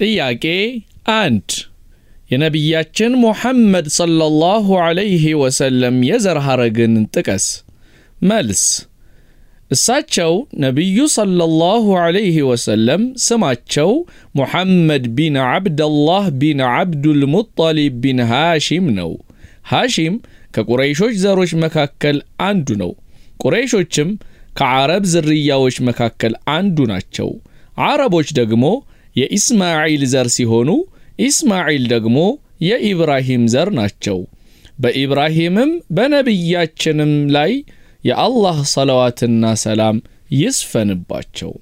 ጥያቄ አንድ የነቢያችን ሙሐመድ ሰለላሁ ዐለይሂ ወሰለም የዘር ሐረግን ጥቀስ። መልስ እሳቸው ነቢዩ ሰለላሁ ዐለይሂ ወሰለም ስማቸው ሙሐመድ ቢን ዓብደላህ ቢን ዐብዱልሙጠሊብ ቢን ሃሺም ነው። ሃሺም ከቁረይሾች ዘሮች መካከል አንዱ ነው። ቁረይሾችም ከዓረብ ዝርያዎች መካከል አንዱ ናቸው። ዓረቦች ደግሞ የኢስማዒል ዘር ሲሆኑ ኢስማዒል ደግሞ የኢብራሂም ዘር ናቸው። በኢብራሂምም በነቢያችንም ላይ የአላህ ሰለዋትና ሰላም ይስፈንባቸው።